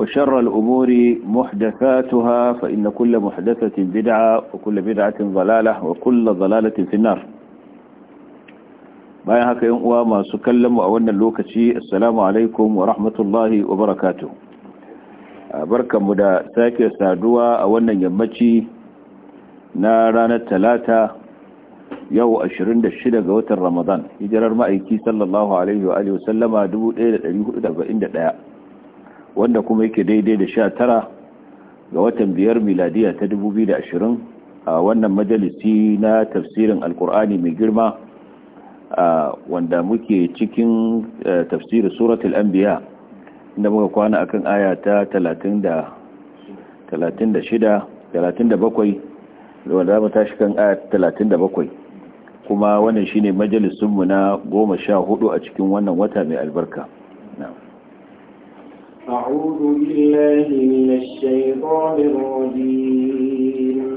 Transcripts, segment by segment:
وشر الأمور محدثاتها فإن كل محدثة بدعة وكل بدعة ضلالة وكل ضلالة في النار bayan haka yan uwa masu kallon mu a wannan lokaci assalamu alaikum wa rahmatullahi wa barakatuh barkanmu da sake saduwa a wannan yammaci na ranar talata yau 26 ga watan ramadan hijirar ma'aiki sallallahu alaihi wa alihi wasallama wanda kuma yake daidai da sha tara ga watan biyar miladiya ta dubu da ashirin a wannan majalisi na tafsirin alkur'ani mai girma a wanda muke cikin e, tafsirin suratul anbiya inda muka kwana akan aya ta talatin da talatin da shida mu tashi kan aya talatin da kuma wannan shine majalisunmu na goma sha hudu a cikin wannan wata mai albarka أعوذ بالله من الشيطان الرجيم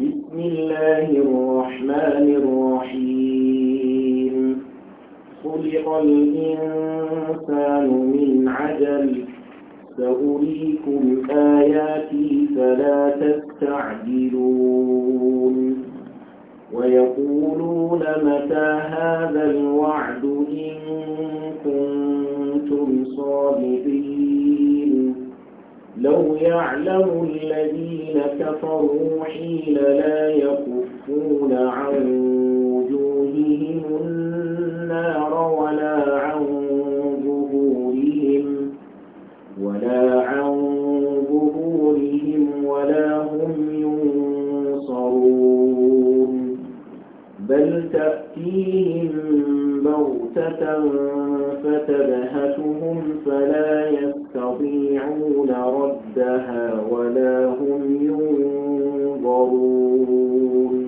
بسم الله الرحمن الرحيم خلق الإنسان من عجل سأريكم آياتي فلا تستعجلون ويقولون متى هذا الوعد إن كنتم صادقين لو يعلم الذين كفروا حين لا يكفون عن وجوههم النار ولا عن ظهورهم ولا عن ظهورهم ولا هم ينصرون بل تأتيهم بغتة فتبهتهم فلا يكفرون يستطيعون ردها ولا هم ينظرون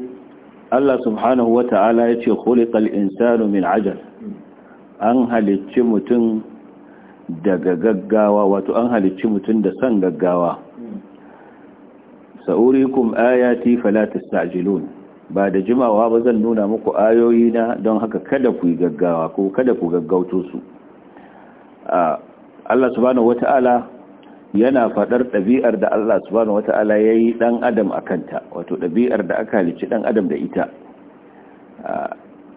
الله سبحانه وتعالى يتي خلق الإنسان من عجل أنهل التمتن daga gaggawa wato an halicci mutum da son gaggawa sa'urikum ayati fala tastajilun ba da jimawa ba zan nuna muku ayoyi na don haka kada ku gaggawa ko kada ku gaggauto su Allah subhanahu wata'ala yana fadar ɗabi'ar da Allah subhanahu wata'ala ya yi ɗan adam a kanta wato ɗabi'ar da aka halicci ɗan adam da ita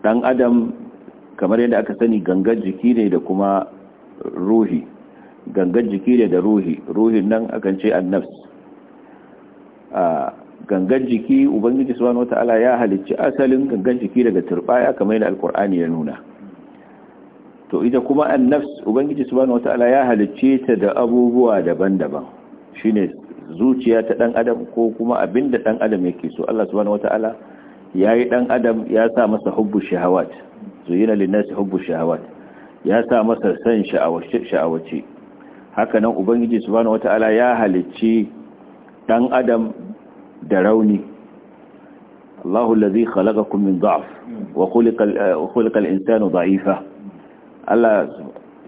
ɗan adam kamar yadda aka sani gangan jiki ne da kuma ruhi gangan jiki ne da ruhi ruhin nan akan ce annafs gangar jiki ubangiji subhanahu wata'ala ya halicci asalin gangar jiki daga turbaya kamar yadda alkur'ani ya nuna to ita kuma annafs ubangiji subhanahu wataala ya halicce ta da abubuwa daban-daban shine zuciya ta dan adam ko kuma abinda dan adam yake so Allah subhanahu wataala yayi dan adam ya sa masa hubbu shahawat zuyina linnasi hubbu shahawat ya sa masa san sha'awace haka nan ubangiji subhanahu wataala ya halicci dan adam da rauni Allahu allazi khalaqakum min dha'f wa khuliqa al-insanu dha'ifa Allah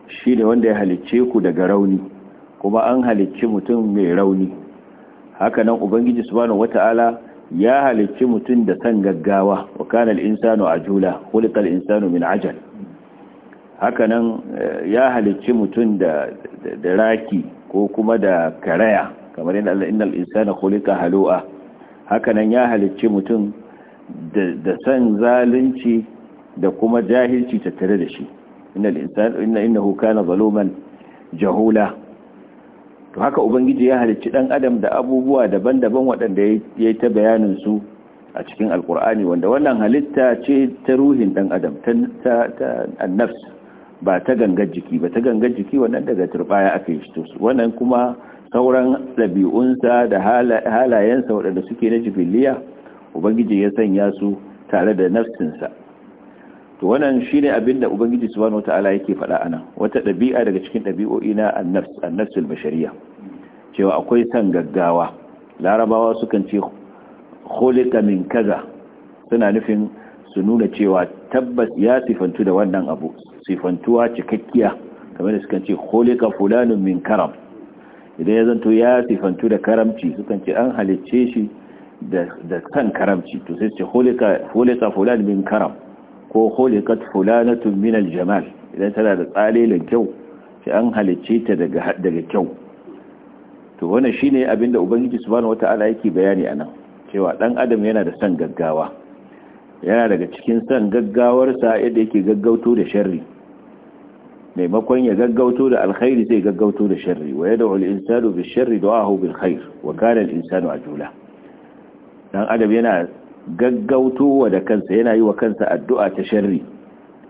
shi ne wanda ya halicce ku daga rauni kuma an halicci mutum mai rauni hakanan ubangiji subhanahu wata'ala ya halicci mutum da san gaggawa wa kana al-insanu ajula khuliqa al-insanu min ajal hakanan eh, ya halicci mutum da da raki ko kuma da karaya kamar inda Allah innal insana khuliqa halu'a hakanan ya halicci mutum da san zalunci da kuma jahilci tattare da shi innal insana inna innahu jahula to haka ubangiji ya halicci dan adam da abubuwa daban-daban waɗanda yayi ta bayanin su a cikin alkur'ani wanda wannan halitta ce ta ruhin dan adam ta ta annafs ba ta gangar jiki ba ta gangar jiki wannan daga turbaya aka yi wannan kuma sauran ɗabi'unsa da halayensa waɗanda suke na jibiliya ubangiji ya sanya su tare da nafsinsa to wannan shine abin da ubangiji subhanahu wataala yake faɗa anan wata ɗabi'a daga cikin ɗabi'o'i na annafs bashariya cewa akwai san gaggawa larabawa sukan ce khuliqa min kaza suna nufin su nuna cewa tabbas ya sifantu da wannan abu sifantuwa cikakkiya kamar da sukan ce khuliqa fulanun min karam idan ya zanto ya sifantu da karamci sukan ce an halicce shi da san karamci to sai su ce khuliqa fulan min karam ko khuliqat fulanatun min aljamal idan tana da tsalelin kyau sai an halicce ta daga daga kyau to wannan shine abinda ubangiji subhanahu wataala yake bayani anan cewa dan adam yana da san gaggawa yana daga cikin san sa yadda yake gaggauto da sharri maimakon ya gaggauto da alkhairi zai gaggauto da sharri wa yad'u al-insanu bi-sharri du'ahu bil-khair wa kana al-insanu ajula dan adam yana gaggautowa da kansa yana yi wa kansa addu'a ta sharri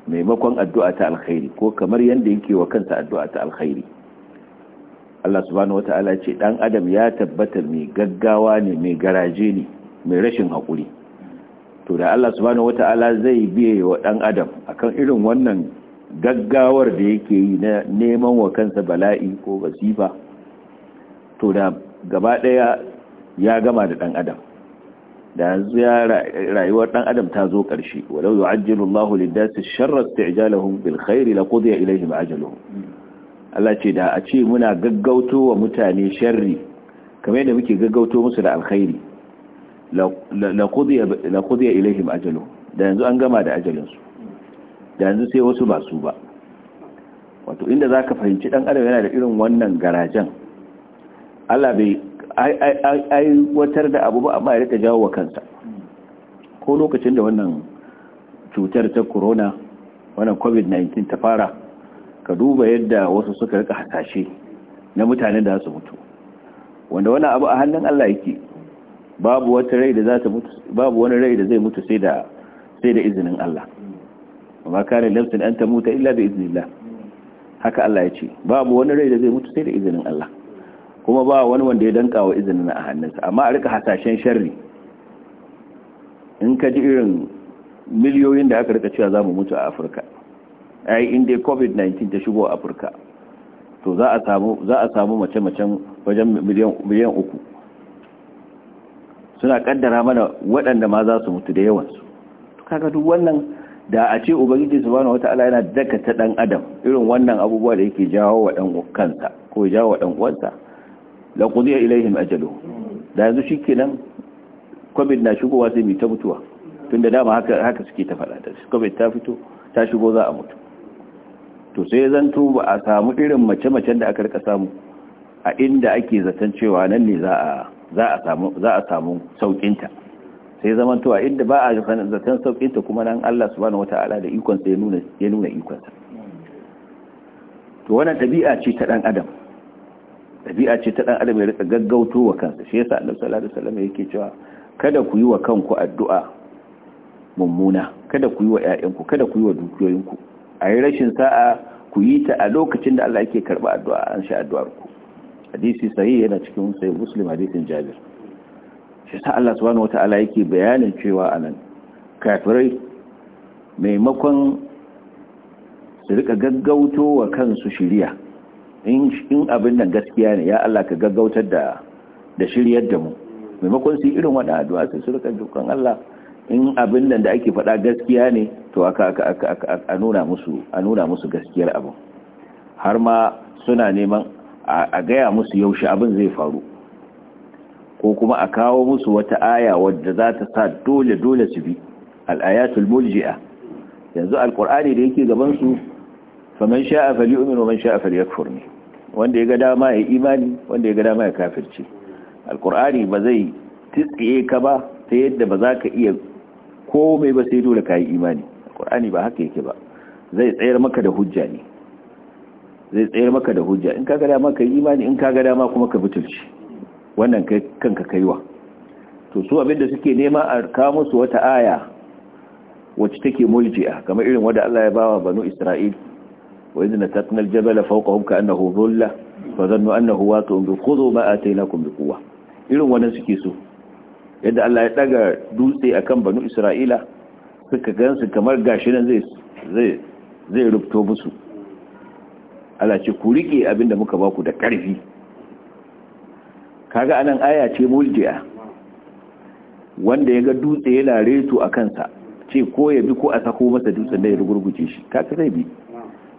maimakon addu'a ta alkhairi ko kamar yadda yake wa kansa addu'a ta alkhairi Allah subhanahu wata'ala ce dan adam ya tabbatar mai gaggawa ne mai garaje ne mai rashin haƙuri to da Allah subhanahu wata'ala zai biye wa dan adam akan irin wannan gaggawar da yake yi na neman wa kansa bala'i ko wasifa to da gaba daya ya gama da dan adam da ziyara ya rayuwar dan adam ta zo karshe walau yu'ajjilu Allahu lid-dasi sharra isti'jalahum bil khairi laqudiya ilayhim ajaluhum Allah ce da a ce muna gaggauto wa mutane sharri kamar yadda muke gaggauto musu da alkhairi laqudiya laqudiya ilayhim ajaluhum da yanzu an gama da ajalinsu da yanzu sai wasu ba su ba wato inda zaka fahimci dan adam yana da irin wannan garajan Allah bai aiwatar da abu ba amma ya jawo wa kansa ko lokacin da wannan cutar ta corona wannan covid-19 ta fara ka duba yadda wasu suka rika hatashe na mutanen da su mutu wanda wani abu a hannun Allah yake babu babu wani rai da zai mutu sai da izinin Allah ba kana lamsin an ta mutu illa izinin allah haka Allah ya ce babu wani rai da zai mutu sai da izinin Allah kuma ba wani wanda ya danka wa izinin a hannunsa amma a rika hasashen sharri in ka ji irin miliyoyin da aka rika cewa za mu mutu a afirka ai inda covid-19 ta shigo a afirka to za a samu mace-macen wajen miliyan uku suna kaddara mana waɗanda ma za su mutu da yawansu kaga duk wannan da a ce ubangiji bane wata yana daka ta dan adam irin wannan abubuwa da yake jawo wa ɗan kansa ko jawo wa uwansa la qudiya ilaihim ajalu da yanzu shikenan covid na shigowa zai mita ta mutuwa tunda dama haka haka suke ta faɗa da covid ta fito ta shigo za a mutu to sai zanto ba a samu irin mace-macen da aka rika samu a inda ake zaton cewa nan ne za a za a samu za a samu saukinta sai zaman to a inda ba a zaton saukinta kuma nan Allah subhanahu wataala da ikon sa ya nuna ya nuna ikon to wannan tabi'a ce ta dan adam ɗabi'a ce ta ɗan adam ya rika gaggauto wa kansa shi yasa annabi sallallahu alaihi wasallam yake cewa kada ku yi wa kanku addu'a mummuna kada ku yi wa ƴaƴanku kada ku yi wa dukiyoyinku a yi rashin sa'a ku yi ta a lokacin da Allah yake karɓa addu'a an sha addu'ar ku hadisi sahihi yana cikin sahih muslim hadisin jabir shi sa Allah subhanahu wata'ala yake bayanin cewa anan kafirai maimakon su rika gaggauto wa kansu shiriya in abin nan gaskiya ne ya Allah ka gaggautar da da shiryar da mu maimakon su irin wani addu'a sai su rika dukan Allah in abin nan da ake faɗa gaskiya ne to aka aka aka nuna musu a nuna musu gaskiyar abin har ma suna neman a gaya musu yaushe abin zai faru ko kuma a kawo musu wata aya wadda za ta sa dole dole su bi al'ayatul mulji'a yanzu alqur'ani da yake gaban su faman sha'a falyu'min wa man sha'a falyakfur ne wanda ya ga dama ya imani wanda ya ga dama ya kafirce alkur'ani ba zai titsiye ka ba ta yadda ba za ka iya komai ba sai dole ka yi imani alkur'ani ba haka yake ba zai tsayar maka da hujja ne zai tsayar maka da hujja in ka ga dama ka yi imani in ka ga dama kuma ka butulci wannan kai kanka kaiwa to su abinda suke nema a kawo musu wata aya wacce take mulji'a kamar irin wanda Allah ya bawa banu Isra'il وإذ نتقنا الجبل فوقهم كأنه ظلة فظنوا أنه واقع بخذوا ما آتيناكم بقوة إلو ونسكيسو yadda Allah ya daga dutse akan banu Isra'ila suka gansu kamar gashi nan zai zai musu Allah ce ku rike abinda muka baku da karfi kaga anan aya ce mulji'a wanda ya ga dutse yana reto a kansa ce ko ya bi ko a sako masa dutsen da ya rugurguje shi kaka zai bi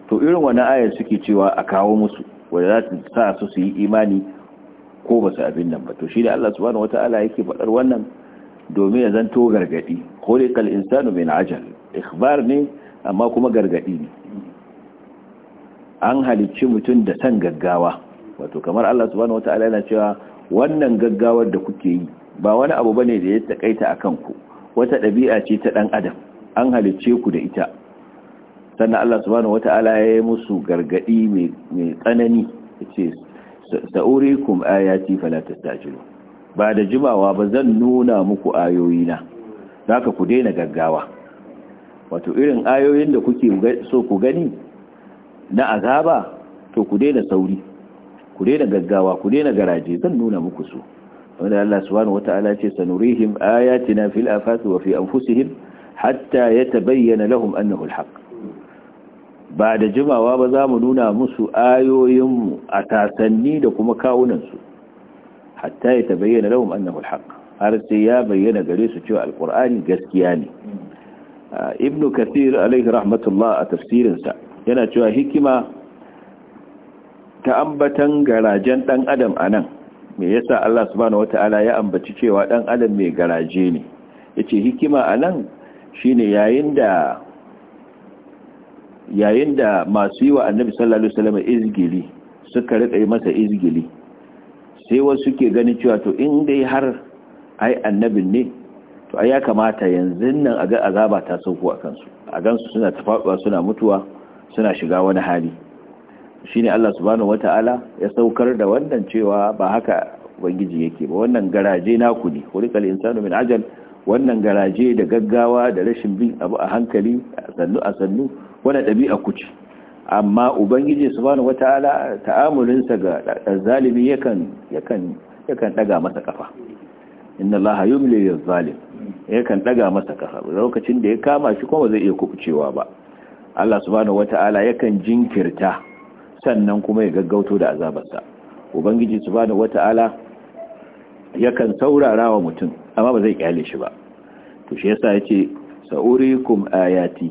to irin wani ayar suke cewa a kawo musu wanda za ta sa su su yi imani ko ba su abin nan ba to shi da Allah subhanahu wata'ala yake faɗar wannan domin ya zanto gargadi khuliqal insanu min ajal ikhbar ne amma kuma gargadi ne an halicci mutum da san gaggawa wato kamar Allah subhanahu wata'ala yana cewa wannan gaggawar da kuke yi ba wani abu bane da ya takaita akan ku wata ɗabi'a ce ta ɗan adam an halicce ku da ita sannan Allah subhanahu wata'ala ya yi musu gargadi mai tsanani yace sa'urikum ayati fala tastajilu ba da jimawa ba zan nuna muku ayoyina ka ku daina gaggawa wato irin ayoyin da kuke so ku gani na azaba to ku daina sauri ku daina gaggawa ku daina garaje zan nuna muku su wanda Allah subhanahu wata'ala ce sanurihim ayatina fil afati wa fi anfusihim hatta bayyana lahum annahu alhaq ba da jimawa ba za mu nuna musu ayoyinmu a tasanni da kuma kawunansu hatta ya tabayyana lahum annahu alhaq har sai ya bayyana gare su cewa alqur'ani gaskiya ne Ibnu kathir alaihi rahmatullah a tafsirinsa yana cewa hikima ta ambatan garajen dan adam anan me yasa Allah subhanahu wataala ya ambaci cewa dan adam mai garaje ne yace hikima anan shine yayin da yayin da masu yi wa annabi sallallahu alaihi wasallam izgili suka rika masa izgili sai wasu suke ganin cewa to in dai har ai annabin ne to ai ya kamata yanzu nan a ga azaba ta sauko a kansu a gansu suna tafaɗuwa suna mutuwa suna shiga wani hali shine Allah subhanahu wataala ya saukar da wannan cewa ba haka ubangiji yake ba wannan garaje naku ne hulikal insanu min ajal wannan garaje da gaggawa da rashin bin abu a hankali a sannu a sannu Wani ɗabi'a ku ce amma ubangiji subhanahu wataala ta'amulinsa ga zalimi yakan yakan yakan masa ƙafa. inna allaha yumli lil-zalim yakan ɗaga masa kafa lokacin da ya kama shi kuma zai iya kubcewa ba Allah su wata wataala yakan jinkirta sannan kuma ya gaggauto da azabarsa ubangiji su wata wataala yakan saurara wa mutum amma ba zai kyale shi ba to shi yasa yace sa'urikum ayati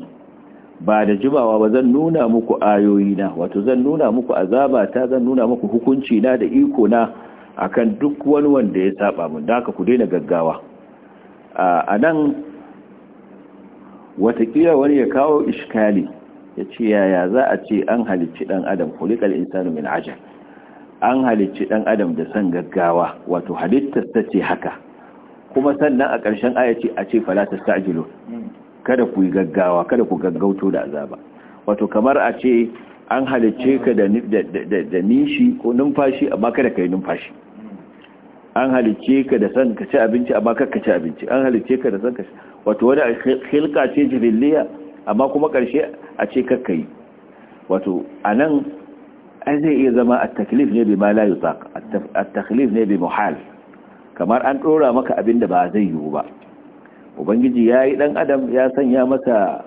ba da jimawa ba zan nuna muku na wato zan nuna muku azabata zan nuna muku hukunci na da iko na akan duk wani wanda ya saba mun da ku daina gaggawa a nan watakila wani ya kawo iskali ya ce yaya za a ce an halicci dan adam kulikal insanu min ajal an halicci dan adam da san gaggawa wato halittar ta ce haka kuma sannan a ƙarshen aya ce a ce fala tasta'jilu hmm. kada ku yi gaggawa kada ku gaggauto da azaba wato kamar a ce an halicce ka da nishi ko numfashi amma kada ka yi numfashi an halicce ka da san ka ci abinci amma kada ka ci abinci an halicce ka da san ka wato wani hilka ce jibiliya amma kuma karshe a ce kakka yi wato a nan an zai iya zama a taklif ne bai ma la yutaq a taklif ne bai muhal kamar an ɗora maka abin da ba zai yiwu ba ubangiji ya yi ɗan adam ya sanya masa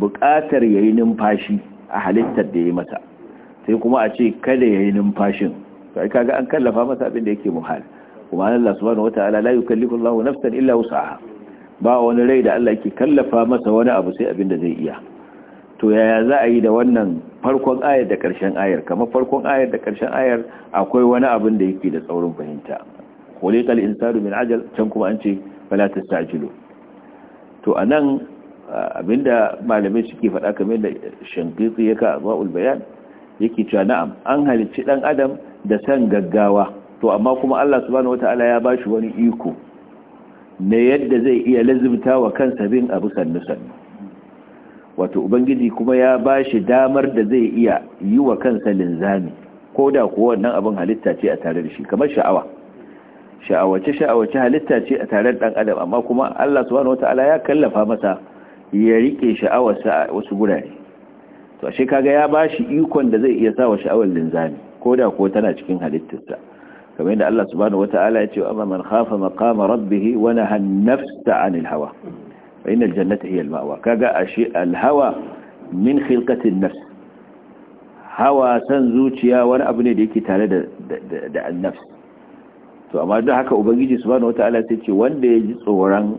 buƙatar ya yi numfashi a halittar da ya yi masa sai kuma a ce kada ya yi numfashin sai kaga an kallafa masa abin da yake muhal kuma Allah subhanahu wataala la yukallifu Allahu nafsan illa wus'aha ba wani rai da Allah yake kallafa masa wani abu sai abin da zai iya to yaya za a yi da wannan farkon ayar da ƙarshen ayar kamar farkon ayar da ƙarshen ayar akwai wani abin da yake da tsaurin fahimta khuliqal insanu min ajal can kuma an ce fala tastajilu to a nan abinda malamai suke faɗa kamar da shankitsi ya ka zuwa ulbayan yake cewa na'am an halicci ɗan adam da san gaggawa to amma kuma allah subhanahu wata'ala ya ba shi wani iko na yadda zai iya lazimta wa kansa bin abu sannu-sannu wato ubangiji kuma ya ba shi damar da zai iya yi wa kansa linzami ko da kuwa wannan abin halitta ce a tare da shi kamar sha'awa sha'awace sha'awace halitta ce a tare dan adam amma kuma Allah subhanahu wataala ya kallafa masa ya rike sha'awarsa a wasu gurare to ashe kaga ya bashi ikon da zai iya sawa sha'awar linzami koda ko tana cikin halittarsa kamar yadda Allah subhanahu wataala ya ce amma man khafa maqama rabbih wa naha nafsa 'anil hawa fa innal jannata hiya al-ma'wa kaga ashe al-hawa min khilqati an-nafs hawa san zuciya wani abu ne da yake tare da da an-nafs to amma don haka ubangiji su wata wataala sai ce wanda ya ji tsoron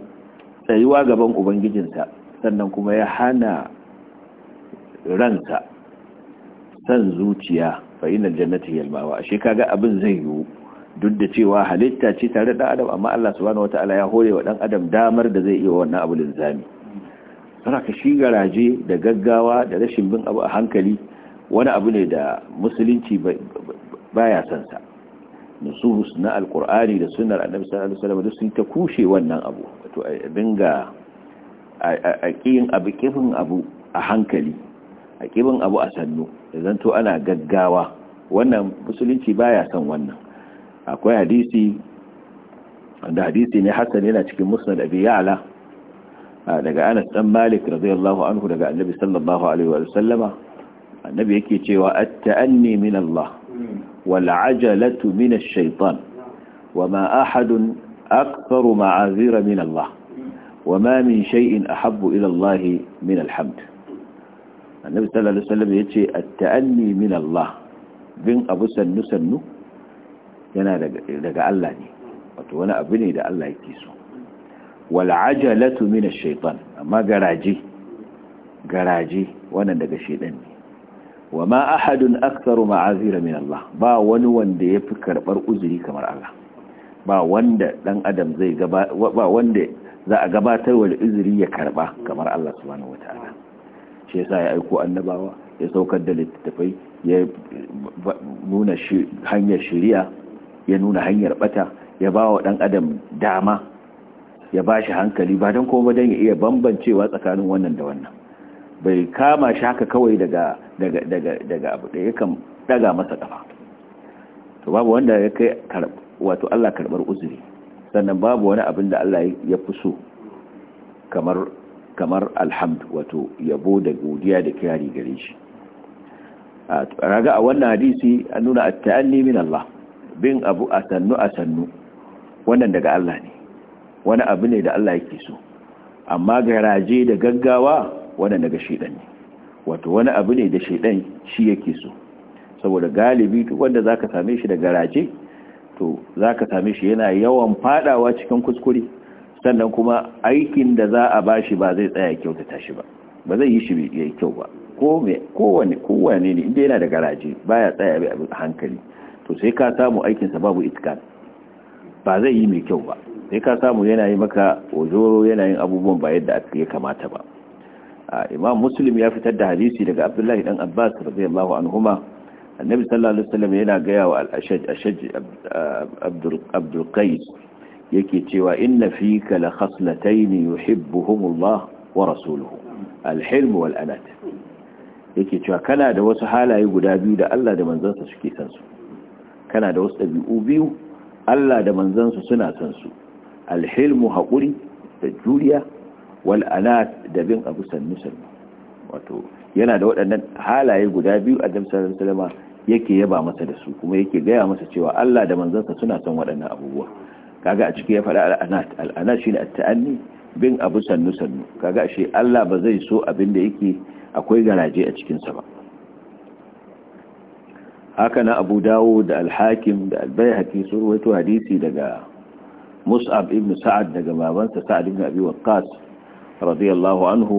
tsayuwa gaban ubangijinsa sannan kuma ya hana ransa san zuciya fa jannatin jannati a al abin zai yiwu duk da cewa halitta ce tare da adam amma Allah subhanahu wataala ya hore wa dan adam damar da zai iya wannan abu linzami sana ka shi garaje da gaggawa da rashin bin abu a hankali wani abu ne da musulunci baya son sa nusus na alkur'ani da sunnar annabi sallallahu alaihi wasallam sun ta kushe wannan abu wato a a kiyin abu kifin abu a hankali a kibin abu a sannu Idan to ana gaggawa wannan musulunci baya son wannan akwai hadisi da hadisi ne hasan yana cikin musnad abi ya'la daga Anas dan Malik radiyallahu anhu daga Annabi sallallahu alaihi wa sallama annabi yake cewa at-ta'anni min Allah والعجلة من الشيطان وما أحد أكثر معاذير من الله وما من شيء أحب إلى الله من الحمد النبي صلى الله عليه وسلم يتي التأني من الله بن أبو سنو سنو yana daga Allah ne wato wani abu ne da Allah yake so wal'ajalatu min ash-shaytan amma garaje garaje wannan daga shedan ne wa ma ahadun aktsaru ma'azira min Allah ba wani wanda yafi karbar uzuri kamar Allah ba wanda dan adam zai gaba ba wanda za a gabatar wa uzuri ya karba kamar Allah subhanahu wataala shi yasa ya aiko annabawa ya saukar da littattafai ya nuna hanyar shari'a ya nuna hanyar bata ya ba wa dan adam dama ya bashi hankali ba don kuma don ya iya bambancewa tsakanin wannan da wannan bai kama shi haka kawai daga daga daga abu da yakan daga masa kafa to babu wanda ya kai wato Allah karbar uzuri sannan babu wani abin da Allah ya fi so kamar kamar alhamd wato yabo da godiya da kirari gare shi a raga a wannan hadisi an nuna at-ta'anni min Allah bin abu a sannu a sannu wannan daga Allah ne wani abu ne da Allah yake so amma garaje da gaggawa wannan daga shaidan ne wato wani abu ne da shaidan shi yake so saboda galibi duk wanda zaka same shi da garaje to zaka same shi yana yawan fadawa cikin kuskure sannan kuma aikin da za a bashi ba zai tsaya ta shi ba ba zai yi shi yayi kyau ba ko me kowane ne inda yana da garaje baya tsaya bi a hankali to sai ka samu aikin babu itkan ba zai yi mai kyau ba sai ka samu yana yi maka ojoro yana yin abubuwan ba yadda ya kamata ba imam muslim ya fitar da hadisi daga abdullahi dan abbas radiyallahu anhuma annabi sallallahu alaihi wasallam yana gaya wa al-ashaj ashaj abdul abdul qais yake cewa inna fika la khaslatayn yuhibbuhumullah wa rasuluhu al-hilm wal anat yake cewa kana da wasu halaye guda biyu da Allah da manzansa suke san su kana da wasu dabi'u biyu Allah da manzansa suna san su al-hilm haƙuri da juriya wal'anat da bin abu sannu sannu wato yana da waɗannan halaye guda biyu a da salama yake yaba masa da su kuma yake gaya masa cewa Allah da manzansa suna son waɗannan abubuwa kaga a ciki ya faɗa al'anat al'anat shi ne a taanni bin abu sannu sannu kaga ashe Allah ba zai so abin da yake akwai garaje a cikinsa ba haka na Abu dawo da alhakim da albai baihaqi sun ruwaito hadisi daga Mus'ab ibn Sa'ad daga babansa Sa'ad ibn Abi Waqqas radiyallahu anhu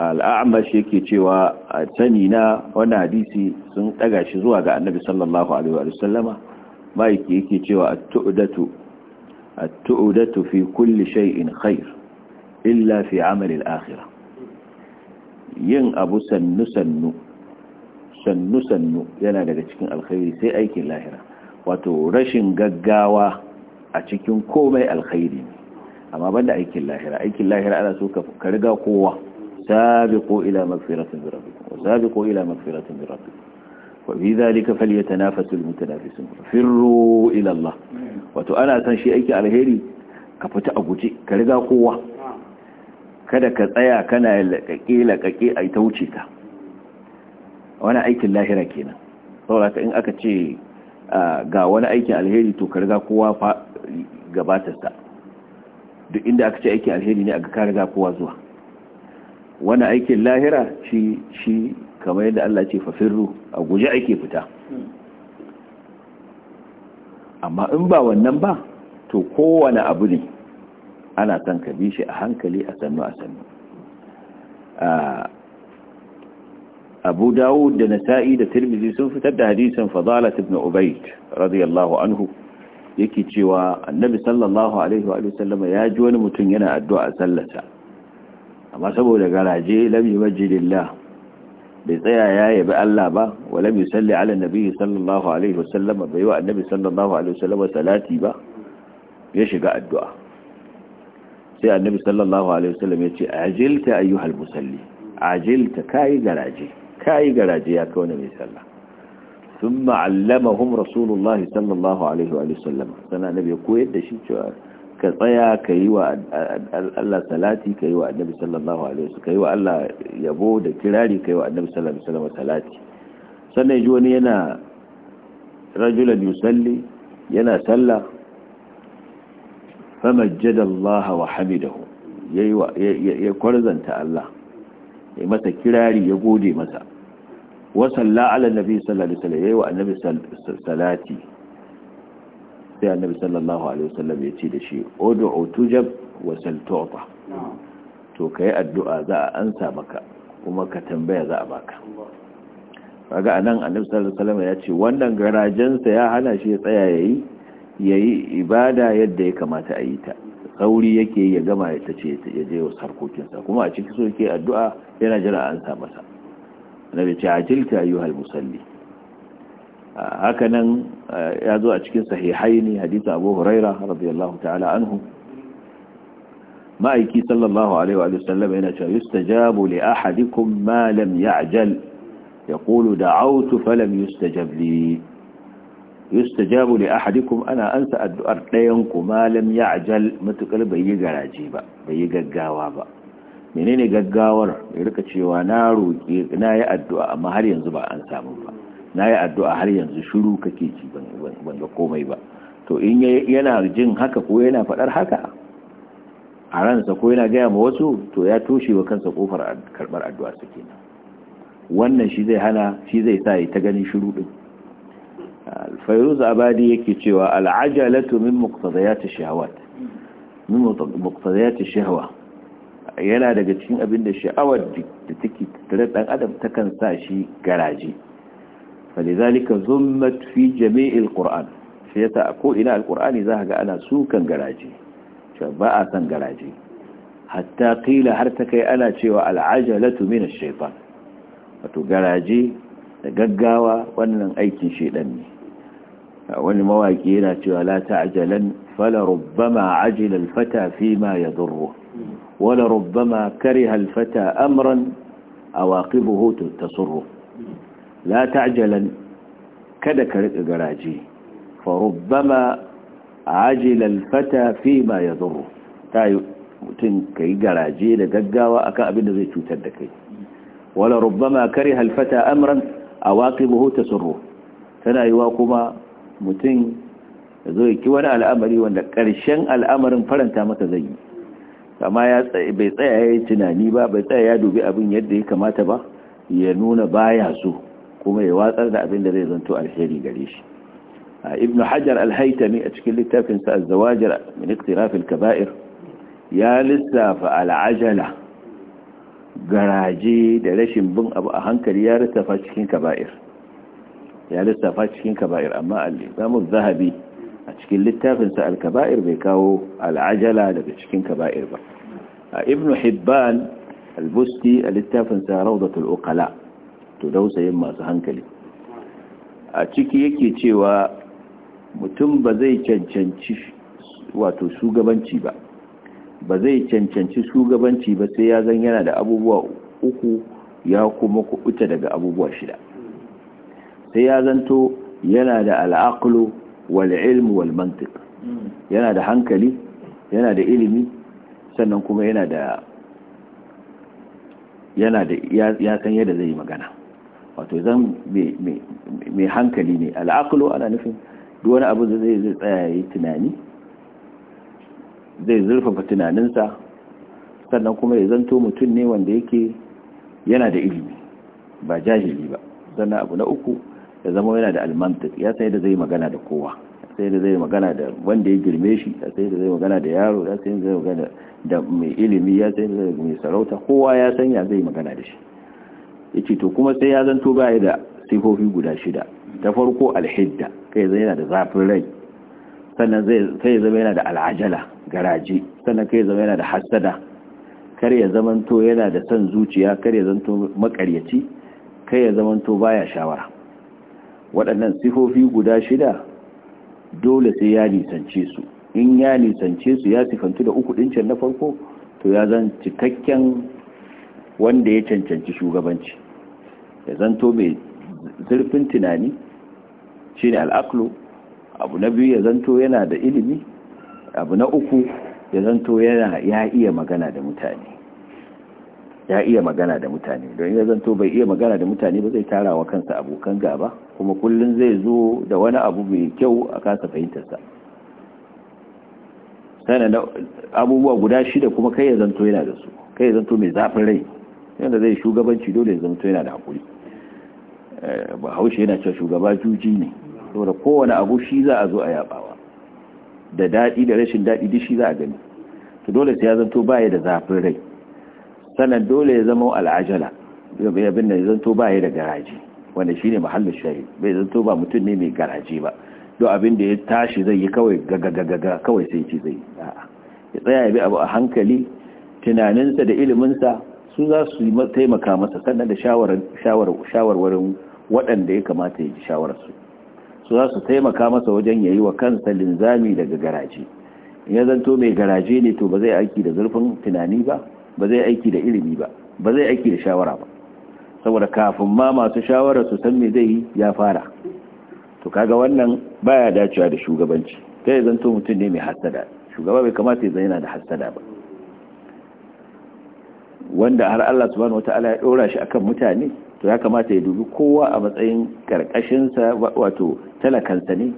al'amash yake cewa a sani na wani hadisi sun daga shi zuwa ga annabi sallallahu alaihi wa sallama ma'aiki yake cewa a tudatu fi kulli shay'in khair illa fi amalin akhira yin abu sannu sannu sannu sannu yana daga cikin alkhairi sai aikin lahira wato rashin gaggawa a cikin komai alkhairi amma ban da aikin lahira aikin lahira ana so ka riga kowa sabiqu ila magfiratin min rabbikum wa sabiqu ila magfiratin min rabbikum wa fi dhalika falyatanafasul mutanafisun firru ila Allah wato ana san shi aiki alheri ka fita a guje ka riga kowa kada ka tsaya kana laƙaƙe laƙaƙe a ta wuce ta wani aikin lahira kenan saboda in aka ce ah, ga wani aikin alheri to ka riga kowa ta. duk inda aka ce aikin alheri ne aka kare ga kowa zuwa wani aikin lahira shi shi kamar yadda Allah ce fafirru a guje ake fita amma in ba wannan ba to kowane abu ne ana son ka bi shi a hankali a sannu a sannu abu dawud da nasa'i da tirmizi sun fitar da hadisin fadalat ibn ubayd radiyallahu anhu yake cewa annabi sallallahu alaihi wa sallam ya ji wani mutum yana addu'a a sallata, amma saboda garaje lam yumajjidillah bai tsaya ya yabi Allah ba wa lam yusalli ala nabi sallallahu alaihi wa sallam bai wa annabi sallallahu alaihi wa sallam salati ba ya shiga addu'a sai annabi sallallahu alaihi wa sallam ya ce ajilta ayyuhal musalli ajilta kai garaje kai garaje ya kawo mai sallah ثم علمهم رسول الله صلى ka tsaya ka وسلم سنة نبي كويت دشي كطيا كيوا الله صلاتي كيوا النبي alaihi الله ka yi wa Allah yabo da kirari wa annabi sallallahu alaihi wasallam salati sannan ji wani yana rajulan yusalli yana sallah famajjada Allah wa hamidahu yayi ya kwarzanta Allah ya masa kirari ya gode masa wa salla ala nabi sallallahu alaihi wasallam yayi wa annabi salati sai annabi sallallahu alaihi wasallam ya ce da shi ud'u tujab wa sal tu'ta to kai addu'a za a ansa maka kuma ka tambaya za a baka kaga anan annabi sallallahu alaihi wasallam ya ce wannan garajensa ya hana shi ya tsaya yayi yayi ibada yadda ya kamata a yi ta sauri yake ya gama ya tace ya je wa sarkokinsa kuma a ciki so yake addu'a yana jira an sa masa annabi ce ajilta ayyuhal musalli haka nan ya zo a cikin sahihaini hadisi abu huraira radiyallahu ta'ala anhu ma'aiki sallallahu alaihi wa sallam yana cewa yustajabu li ahadikum ma lam ya'jal yaqulu da'awtu falam yustajab li yustajabu li ahadikum ana ansa addu'ar dayan ku ma lam ya'jal matukar bai yi garaje ba bai yi gaggawa ba menene gaggawar ya rika cewa na roƙe na yi addu'a amma har yanzu ba an samu ba na yi addu'a har yanzu shiru kake ci ban da komai ba to in yana jin haka ko yana faɗar haka a ransa ko yana gaya ma wasu to ya toshe wa kansa kofar karɓar addu'a su kenan wannan shi zai hana shi zai sa yi ta ganin shiru ɗin alfairuz abadi yake cewa al'ajalatu min muqtadayat ash-shahawat min muqtadayat ash-shahawat yana daga cikin abin da sha'awar da take tattare dan adam ta kan sa shi garaje falizalika zummat fi jami'il qur'an sai sa a ko'ina ina alqur'ani za ga ana sukan garaje cewa ba a san garaje hatta qila har ta kai ana cewa al'ajalatu min ash-shaytan wato garaje da gaggawa wannan aikin shedan ne wani mawaƙi yana cewa la ta'jalan fala rubbama ajila al-fata fima yadurru wala rubbama kariha al-fata amran awaqibuhu tasurru la ta'jalan kada ka rika garaje fa rubbama ajila al-fata fima yadurru tayi mutun kai garaje da gaggawa akan abin da zai cutar da kai wala rubbama kariha al-fata amran awaqibuhu tasurru tana yiwa kuma mutum ya zo ya ki wani al'amari wanda ƙarshen al'amarin faranta maka zai yi kama ya bai tsaya ya yi tunani ba bai tsaya ya dubi abin yadda ya kamata ba ya nuna baya so kuma ya watsar da abin da zai zanto alheri gare shi A ibn hajar alhaitami a cikin littafin sa azzawajar min iktirafil kaba'ir ya lissafa al'ajala garaje da rashin bin abu a hankali ya rissafa cikin kaba'ir ya lissafa cikin kaba'ir amma al-imamu zahabi a cikin littafinsa al-kaba'ir bai kawo al'ajala daga cikin kaba'ir ba a ibn hibban al-busti a littafinsa raudatul uqala to dausayin masu hankali a ciki yake cewa mutum ba zai cancanci wato shugabanci ba ba zai cancanci shugabanci ba sai ya zan yana da abubuwa uku ya kuma kuɓuta daga abubuwa shida sai ya zanto yana da al'aqlu wal ilm wal mantiq yana da hankali yana da ilimi sannan kuma yana da yana da ya san yadda zai yi magana wato zan mai hankali ne al'aqlu ana nufin duk wani abu da zai zai tsaya yi tunani zai zurfafa tunaninsa sannan kuma ya zanto mutum ne wanda yake yana da ilimi ba jahili ba sannan abu na uku ya zama yana da almantik ya sai da zai magana da kowa sai da zai magana da wanda ya girme shi ya sai da zai magana da yaro ya sai da zai magana da mai ilimi ya sai da zai mai sarauta kowa ya san ya zai magana da shi ya ce to kuma sai ya zanto ya da sifofi guda shida ta farko alhidda kai zai yana da zafin rai sannan sai ya zama yana da al'ajala garaje sannan kai zama yana da hasada kar ya zamanto yana da son zuciya kar ya zanto makaryaci kai ya zamanto baya shawara waɗannan sifofi guda shida dole sai ya nisance su in ya nisance su ya sifantu da uku ɗincin na farko to ya zan cikakken wanda ya cancanci shugabanci ya zanto mai zurfin tunani shi ne al'aklo abu na biyu ya zanto yana da ilimi abu na uku ya zanto yana ya iya magana da mutane ya iya magana da mutane don ya zanto bai iya magana da mutane ba zai tara wa kansa abokan gaba kuma kullum zai zo da wani abu mai kyau a kasa fahimtarsa sana abubuwa guda shida kuma kai ya zanto yana da su kai ya zanto mai zafin rai yadda zai shugabanci dole ya zanto yana da hakuri eh, bahaushe yana cewa shugaba juji ne saboda kowane abu shi za a zo a yabawa da daɗi da rashin daɗi duk shi za a gani to dole sai ya zanto baya da zafin rai sanan dole ya zama al'ajala abin da ya zanto ba ya da garaji wanda shi ne mahallin shari bai zanto ba mutum ne mai garaji ba don abin da ya tashi zai yi kawai gagagagaga kawai sai ci zai ya tsaya ya bi abu a hankali tunaninsa da iliminsa su za su taimaka masa sannan da shawarwarin waɗanda ya kamata ya ji shawararsu su za su taimaka masa wajen ya yi wa kansa linzami daga garaji ya zanto mai garaje ne to ba zai aiki da zurfin tunani ba ba zai aiki da ilimi ba ba zai aiki da shawara ba saboda kafin ma masu shawara su san me zai yi ya fara to kaga wannan baya dacewa da shugabanci kai zanto mutum ne mai hasada shugaba bai kamata ya yana da hasada ba wanda har Allah subhanahu wataala ya dora shi akan mutane to ya kamata ya dubi kowa a matsayin karkashin sa wato talakansa ne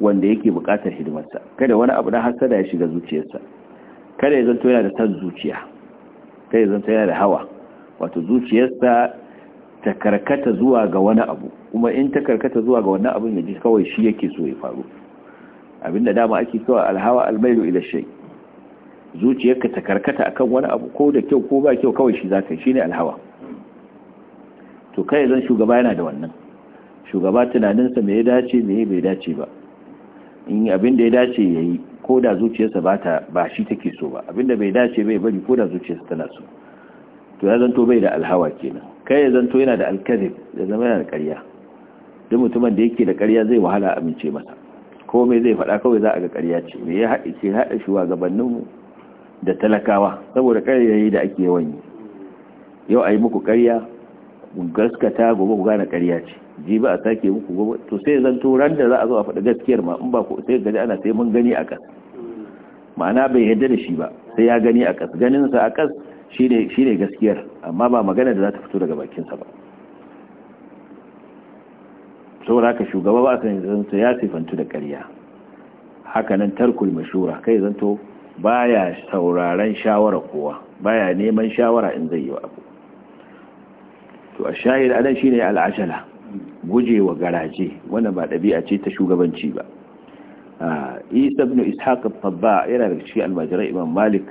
wanda yake bukatar hidimarsa kada wani abu na hasada ya shiga zuciyarsa kada ya zanto yana da son zuciya sai zan yana da hawa wato zuciyarsa ta karkata zuwa ga wani abu kuma in ta karkata zuwa ga wani abu yaji kawai shi yake so ya faru abinda dama ake kawai alhawa almailu ila shay zuciyarka ta karkata akan wani abu ko da kyau ko ba kyau kawai shi zaka shine alhawa to kai zan shugaba yana da wannan shugaba tunaninsa me ya dace me bai dace ba in abin da ya dace ya yi ko da zuciyarsa ba ta ba shi take so ba abin da bai dace bai bari ko da zuciyarsa tana so to ya zanto bai da alhawa kenan kai ya zanto yana da alkazib da zama yana da ƙarya duk mutumin da yake da ƙarya zai wahala amince masa ko mai zai faɗa kawai za a ga ƙarya ce me ya haɗa ke haɗa shi wa mu da talakawa saboda ƙarya da ake yawan yi yau a yi muku ƙarya gaskata gobe ku gane ƙarya ce ji ba a sake muku gobe to sai zan to ran da za a zo a faɗi gaskiyar ma in ba ku sai gaji ana sai mun gani a kas ma'ana bai yadda da shi ba sai ya gani a kas ganin sa a kas shine shine gaskiyar amma ba magana da za ta fito daga bakin sa ba saboda haka shugaba ba san zanto ya sifantu da ƙarya haka nan tarkul mashura kai to baya sauraron shawara kowa baya neman shawara in zai yi wa abu to a shahid anan shine al'ajala Guje wa garaje wannan ba ɗabi'a ce ta shugabanci ba isa ibn ishaq al-tabba yana da cikin almajirai imam malik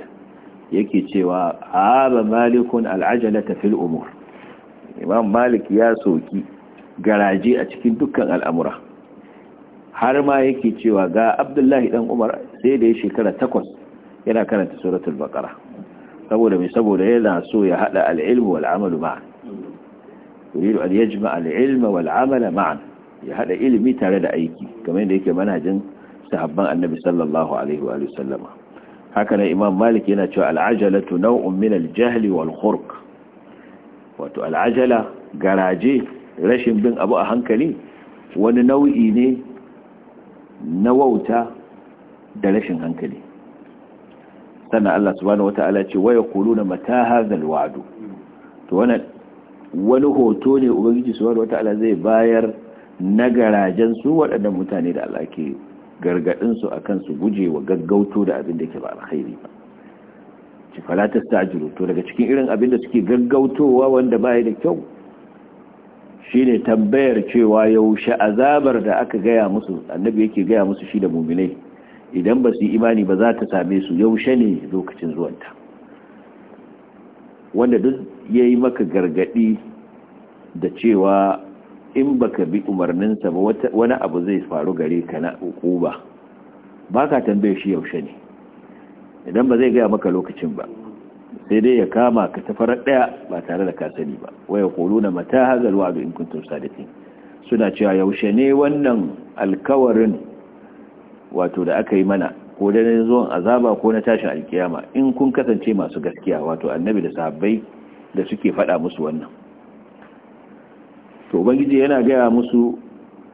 yake cewa aba malikun al'ajalata fil umur imam malik ya soki garaje a cikin dukkan al'amura har ma yake cewa ga abdullahi dan umar sai da ya shekara takwas yana karanta suratul baqara saboda mai saboda yana so ya hada al'ilmu wal amalu ba yuridu an yajma al-ilma wal amala ma'an ya hada ilimi tare da aiki kamar yadda yake manhajin sahabban annabi sallallahu alaihi wa sallama haka na imam malik yana cewa al-ajalatu naw'un min al-jahli wal khurq wato al-ajala garaje rashin bin abu a hankali wani nau'i ne na wauta da rashin hankali sannan Allah subhanahu wata'ala ce waya kuluna mata hazal wa'du to wannan wani hoto ne ubangiji su wata ala zai bayar na garajen su waɗannan mutane da Allah ke gargaɗin su akan su guje wa gaggauto da abin da ke ba alkhairi ba ci falatar ta to daga cikin irin abin da suke gaggautowa wanda baya da kyau shine tambayar cewa yaushe azabar da aka gaya musu annabi yake gaya musu shi da muminai idan ba su yi imani ba za ta same su yaushe ne lokacin zuwanta wanda duk ya yi maka gargaɗi da cewa in baka bi umarninsa ba wani abu zai faru gare ka na hukuba ba ka tambaye shi yaushe ne idan ba zai gaya maka lokacin ba sai dai ya kama ka ta farar daya ba tare da kasani ba waya na mata hazal da in kuntun sadiqin suna cewa yaushe ne wannan alkawarin wato da aka yi mana ko da ne zuwan azaba ko na tashin alkiyama in kun kasance masu gaskiya wato annabi da sahabbai da suke faɗa musu wannan to ubangiji yana gaya musu